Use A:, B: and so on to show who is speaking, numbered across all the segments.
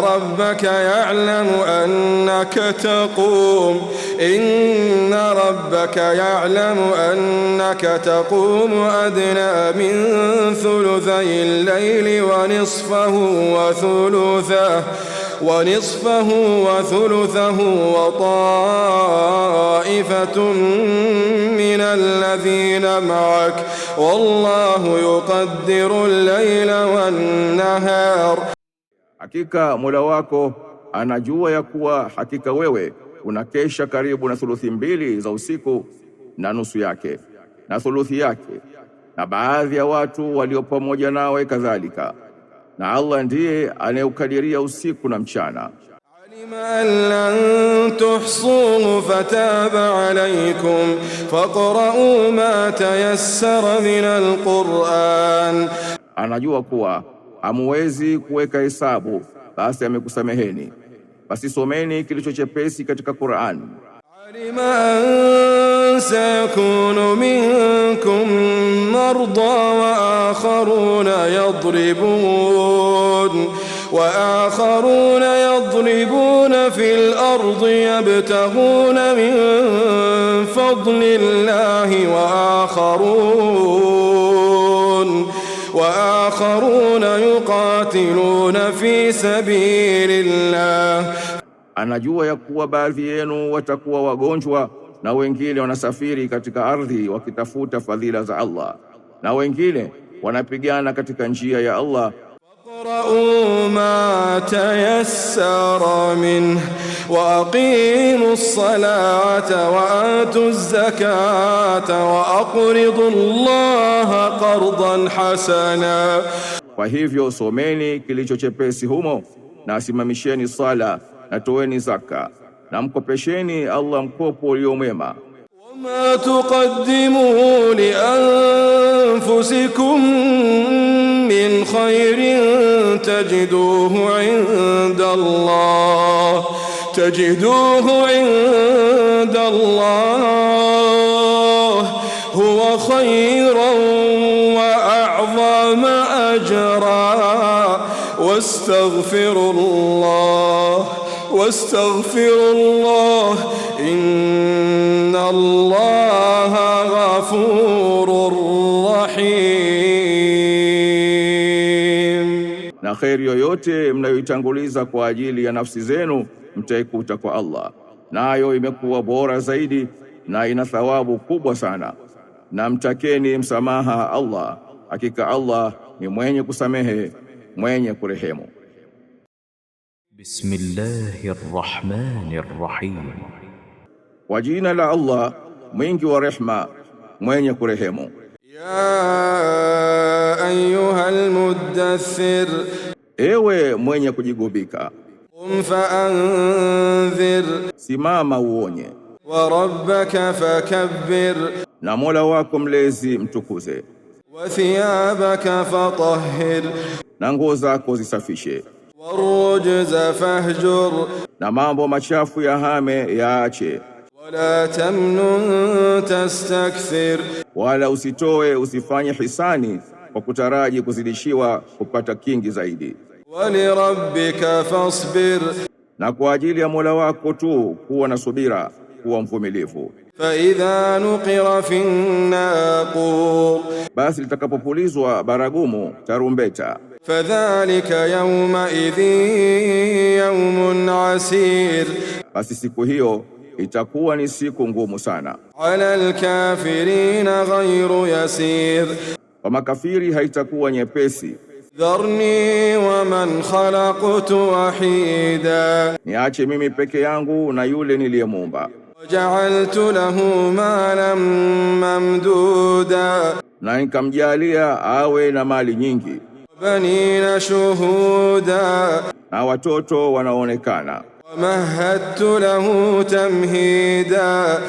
A: ربك يعلم أنك تقوم إن ربك يعلم أنك تقوم أدنى من ثلثي الليل ونصفه وثلثه ونصفه وثلثه وطائفة من الذين معك والله يقدر الليل والنهار
B: Hakika Mola wako anajua ya kuwa hakika wewe unakesha karibu na thuluthi mbili za usiku na nusu yake na thuluthi yake na baadhi ya watu walio pamoja nawe kadhalika, na Allah ndiye anayeukadiria usiku na mchana.
A: alima lan tuhsuhu fataba alaykum faqra'u ma tayassara min alquran,
B: anajua kuwa hamuwezi kuweka hesabu, basi amekusameheni. Basi someni kilicho chepesi katika Qur'an.
A: alima an sakunu minkum marda wa akharuna yadribun وآخرون يضربون في الأرض يبتغون من فضل الله وآخرون وآخرون yuqatiluna fi sabilillah,
B: anajua ya kuwa baadhi yenu watakuwa wagonjwa na wengine wanasafiri katika ardhi wakitafuta fadhila za Allah na wengine wanapigana katika njia ya Allah.
A: Waqra'u ma tayassara min وأقيموا الصلاة وآتوا الزكاة وأقرضوا الله قرضا حسنا
B: Kwa hivyo someni kilicho chepesi humo na simamisheni sala na toeni zaka na mkopesheni Allah mkopo ulio mwema.
A: Wama tuqaddimu li anfusikum min khairin tajiduhu inda Allah تجدوه عند الله هو خيرا وأعظم أجرا واستغفروا الله واستغفروا الله إن الله غفور رحيم
B: na kheri yoyote mnayoitanguliza kwa ajili ya nafsi zenu mtaikuta kwa Allah, nayo imekuwa bora zaidi na ina thawabu kubwa sana. Na mtakeni msamaha Allah, hakika Allah ni mwenye kusamehe mwenye kurehemu.
C: Bismillahir Rahmanir Rahim,
B: kwa jina la Allah mwingi wa rehma mwenye kurehemu.
A: Ya ayyuhal muddathir,
B: ewe mwenye kujigubika
A: Faanzir,
B: simama uonye.
A: Wa rabbaka fakabbir,
B: na Mola wako mlezi mtukuze.
A: Wa thiyabaka fatahhir,
B: na nguo zako zisafishe.
A: rujza fahjur,
B: na mambo machafu ya hame yaache.
A: Wala tamnun tastakthir,
B: wala usitoe usifanye hisani kwa kutaraji kuzidishiwa kupata kingi zaidi.
A: Walirabbika fasbir,
B: na kwa ajili ya Mola wako tu kuwa na subira, kuwa mvumilivu.
A: idha nuqira fi naqur,
B: basi litakapopulizwa baragumu tarumbeta.
A: Fadhalika yawma idhin yawmun asir,
B: basi siku hiyo itakuwa ni siku ngumu sana.
A: Ala alkafirina ghayru yasir,
B: kwa makafiri haitakuwa nyepesi.
A: Dharni wa man khalaqtu wahida,
B: niache mimi peke yangu na yule niliyemuumba.
A: Wajaaltu lahu malan mamduda,
B: na nikamjalia awe na mali nyingi.
A: Banina shuhuda,
B: na watoto wanaonekana.
A: Wamahadtu lahu tamhida,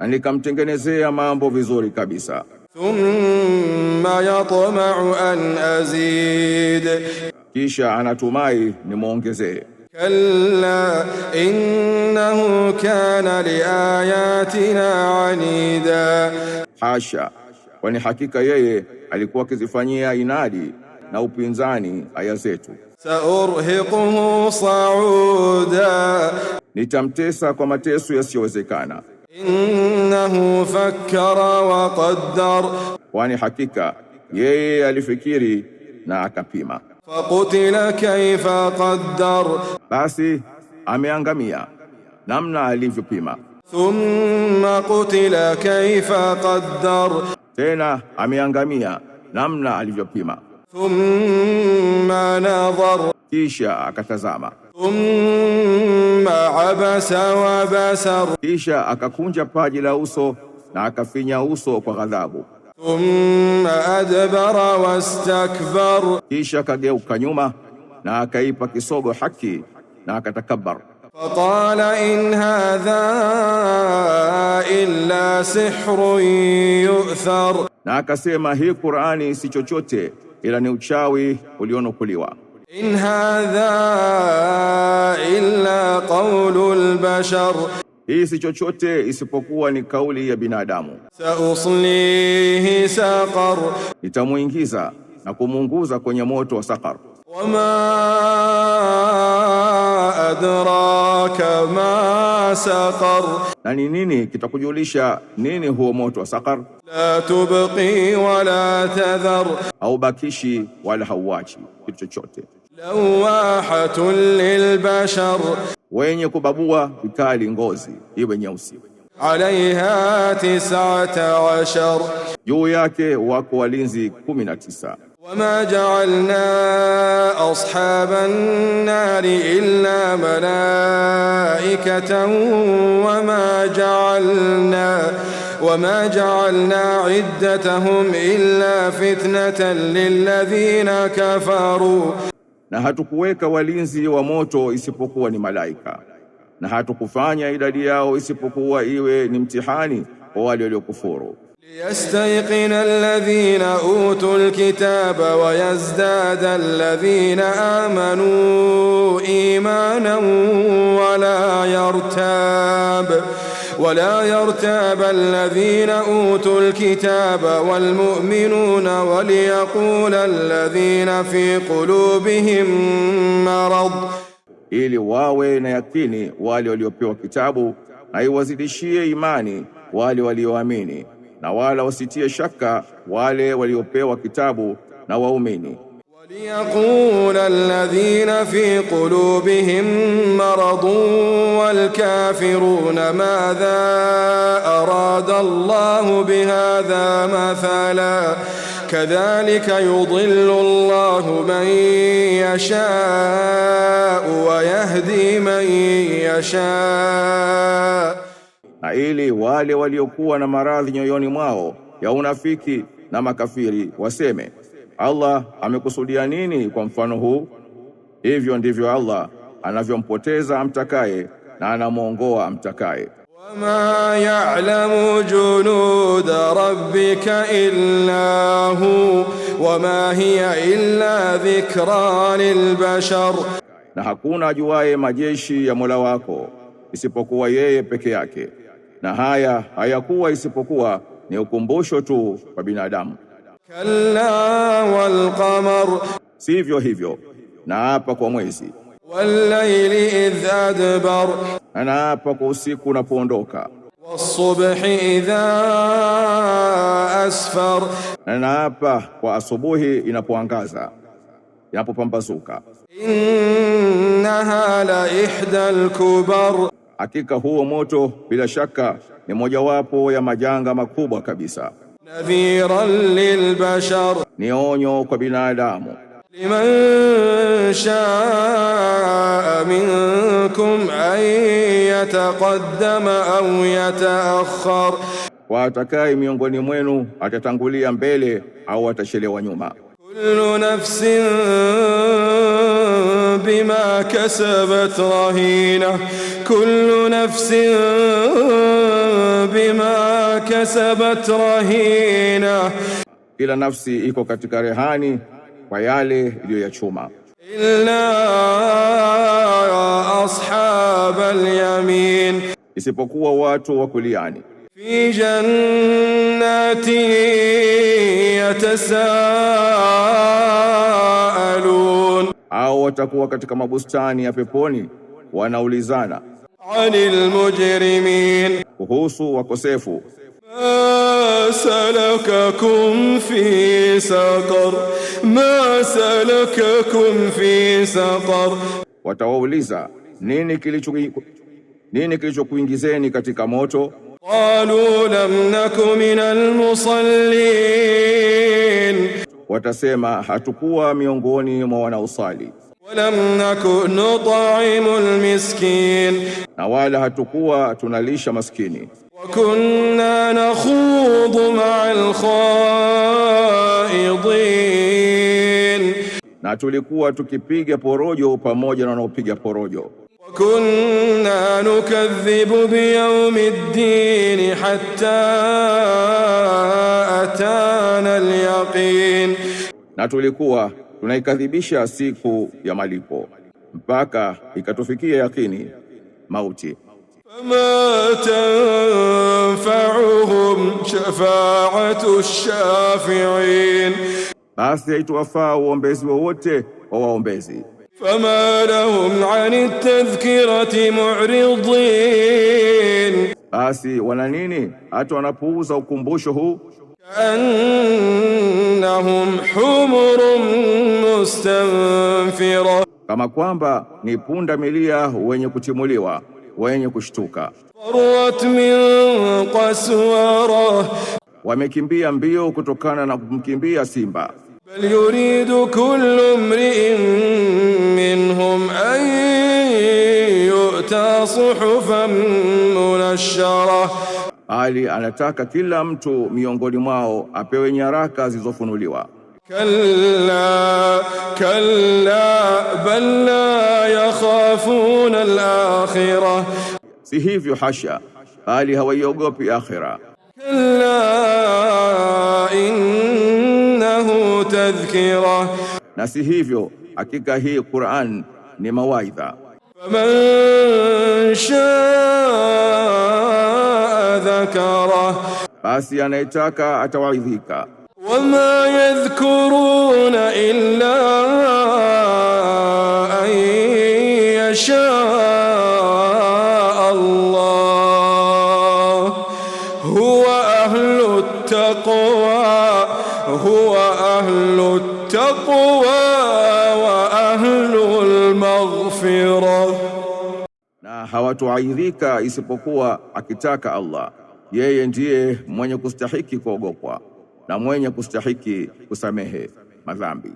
B: na nikamtengenezea mambo vizuri kabisa
A: thumma yatma'u an azid,
B: kisha anatumai nimwongezee.
A: Kalla innahu kana liayatina anida,
B: hasha, kwani hakika yeye alikuwa akizifanyia inadi na upinzani aya zetu.
A: Saurhiquhu sauda,
B: nitamtesa kwa mateso yasiyowezekana
A: annahu fakkara wa qaddar,
B: kwani hakika yeye alifikiri na akapima.
A: Fakutila kaifa qaddar,
B: basi ameangamia namna alivyopima.
A: Thumma kutila kaifa qaddar,
B: tena ameangamia namna alivyopima.
A: Thumma nadhar,
B: kisha akatazama
A: Thumma abasa wa basar,
B: kisha akakunja paji la uso na akafinya uso kwa ghadhabu.
A: Thumma adbara wastakbar,
B: kisha akageuka nyuma na akaipa kisogo haki na akatakabbar.
A: Faqala in hadha illa sihrun yu'thar,
B: na akasema hii Qur'ani si chochote ila ni uchawi ulionukuliwa.
A: إن هذا إلا قول البشر
B: hii si chochote isipokuwa ni kauli ya binadamu.
A: Sauslihi saqar,
B: nitamwingiza na kumuunguza kwenye moto wa saqar.
A: Wama adraka ma saqar,
B: na ni nini kitakujulisha nini huo moto wa saqar?
A: La tubqi wala tadhar,
B: haubakishi wala hauachi kitu chochote.
A: lawahatun lilbashar,
B: wenye kubabua vikali ngozi iwe nyeusi.
A: Alaiha tisata ashar,
B: juu yake wako walinzi kumi na tisa.
A: Wama ja'alna ashaban nari illa malaikatan wama ja'alna وما جعلنا عدتهم إلا فتنة للذين كفروا
B: na hatukuweka walinzi wa moto isipokuwa ni malaika, na hatukufanya idadi yao isipokuwa iwe ni mtihani kwa wale waliokufuru.
A: liyastayqina alladhina utul kitaba wa yazdada alladhina amanu imanan wa la yartab ولا يرتاب الذين أوتوا الكتاب والمؤمنون وليقول الذين في قلوبهم مرض
B: ili wawe na yakini wale waliopewa kitabu na iwazidishie imani wale walioamini na wala wasitie shaka wale waliopewa kitabu na waumini
A: ليقول الذين في قلوبهم مرض والكافرون ماذا أراد الله بهذا مثلا كذلك يضل الله من يشاء ويهدي من يشاء
B: أيلي ili wale waliokuwa na maradhi nyoyoni mwao ya unafiki na makafiri waseme Allah amekusudia nini kwa mfano huu? Hivyo ndivyo Allah anavyompoteza amtakaye na anamwongoa amtakaye.
A: Wama ya'lamu junuda rabbika illa hu wama hiya illa dhikra lilbashar,
B: na hakuna ajuaye majeshi ya Mola wako isipokuwa yeye peke yake, na haya hayakuwa isipokuwa ni ukumbusho tu kwa binadamu
A: kalla wal qamar,
B: sivyo hivyo naapa kwa mwezi.
A: Wallayli idh adbar,
B: naapa kwa usiku unapoondoka.
A: Wasubhi idha asfar,
B: naapa kwa asubuhi inapoangaza inapopambazuka.
A: Innaha la ihda kubar
B: hakika huo moto bila shaka ni mojawapo ya majanga makubwa kabisa
A: nadhiran lilbashar,
B: ni onyo kwa binadamu.
A: liman shaa minkum an yataqaddama au yataakhkhar,
B: atakaye miongoni mwenu atatangulia mbele au atachelewa nyuma
A: kullu nafsin bima kasabat rahina, kullu nafsin bima kasabat rahina,
B: kila nafsi iko katika rehani kwa yale iliyoyachuma.
A: Illa ashabal yamin,
B: isipokuwa watu wa
A: في جنات يتساءلون
B: au watakuwa katika mabustani ya peponi wanaulizana
A: عن المجرمين
B: kuhusu wakosefu.
A: سلككم في سقر ما سلككم في سقر
B: watawauliza nini kilicho nini kilichokuingizeni katika moto?
A: Qalu lam naku minal musallin,
B: watasema hatukuwa miongoni mwa wanaosali.
A: Walam naku nut'imul miskin,
B: na wala hatukuwa tunalisha maskini.
A: kunna nakhudhu ma'al khaidin,
B: na tulikuwa tukipiga porojo pamoja na wanaopiga porojo.
A: كنا نكذب بيوم الدين حتى أتانا اليقين
B: na tulikuwa tunaikadhibisha siku ya malipo mpaka ikatufikia yakini mauti
A: fama tanfa'uhum shafa'atu shafi'in
B: basi haituwafaa uombezi wowote wa waombezi
A: fama lahum ani tadhkirati mu'ridin,
B: basi wana nini hata wanapuuza ukumbusho huu.
A: Kaannahum humurun mustanfira,
B: kama kwamba ni punda milia wenye kutimuliwa wenye kushtuka.
A: Farat min qaswara,
B: wamekimbia mbio kutokana na kumkimbia simba.
A: بل يريد كل امرئ منهم أن يؤتى صحفا منشرة
B: Ali anataka kila mtu miongoni mwao apewe nyaraka zilizofunuliwa.
A: Kalla kalla bal la yakhafuna al-akhirah,
B: si hivyo hasha, bali hawaiogopi akhira.
A: Kalla in تذكرة
B: na si hivyo hakika hii Qur'an ni mawaidha
A: faman shaa dhakara
B: basi anayetaka atawaidhika
A: wama yadhkuruna illa an yashaa Allah huwa ahlu التقوى هو أهل التقوى وأهل المغفرة
B: na hawatuaidhika isipokuwa akitaka Allah yeye ndiye mwenye kustahiki kuogopwa na mwenye kustahiki kusamehe madhambi